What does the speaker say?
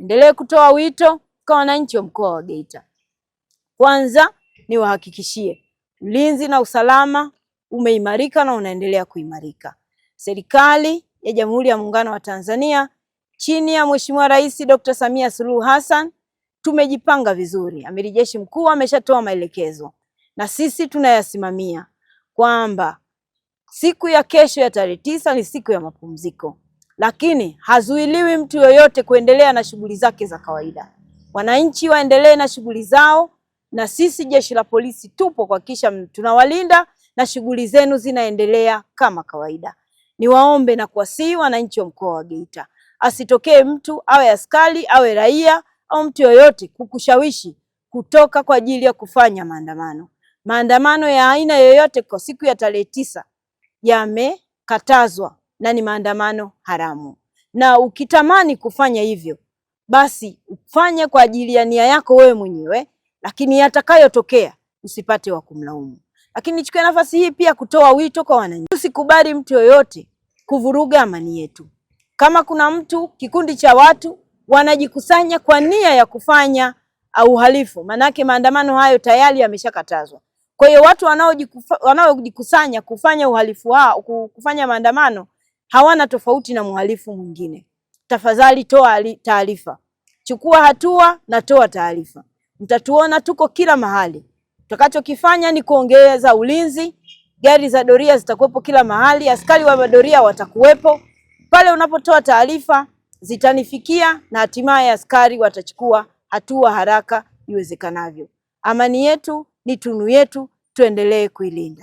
Endelee kutoa wito kwa wananchi wa mkoa wa Geita. Kwanza niwahakikishie ulinzi na usalama umeimarika na unaendelea kuimarika. Serikali ya Jamhuri ya Muungano wa Tanzania chini ya Mheshimiwa Rais Dr. Samia Suluhu Hassan tumejipanga vizuri. Amiri Jeshi Mkuu ameshatoa maelekezo na sisi tunayasimamia kwamba siku ya kesho ya tarehe tisa ni siku ya mapumziko lakini hazuiliwi mtu yoyote kuendelea na shughuli zake za kawaida. Wananchi waendelee na shughuli zao, na sisi jeshi la polisi tupo kuhakikisha tunawalinda na shughuli zenu zinaendelea kama kawaida. Niwaombe na kuwasihi wananchi wa mkoa wa Geita, asitokee mtu awe askari awe raia au mtu yoyote kukushawishi kutoka kwa ajili ya kufanya maandamano. Maandamano ya aina yoyote kwa siku ya tarehe tisa yamekatazwa na ni maandamano haramu, na ukitamani kufanya hivyo, basi ufanye kwa ajili ya nia yako wewe mwenyewe, lakini yatakayotokea usipate wa kumlaumu. Lakini nichukue nafasi hii pia kutoa wito kwa wananchi, usikubali mtu yoyote kuvuruga amani yetu. Kama kuna mtu kikundi cha watu wanajikusanya kwa nia ya kufanya uhalifu, manake maandamano hayo tayari yameshakatazwa. Kwa hiyo watu wanaojikusanya kufanya uhalifu wao, kufanya maandamano hawana tofauti na mhalifu mwingine. Tafadhali toa taarifa, chukua hatua na toa taarifa. Mtatuona tuko kila mahali. Tutakachokifanya ni kuongeza ulinzi, gari za doria zitakuwepo kila mahali, askari wa doria watakuwepo pale. Unapotoa taarifa zitanifikia, na hatimaye askari watachukua hatua haraka iwezekanavyo. Amani yetu ni tunu yetu, tuendelee kuilinda.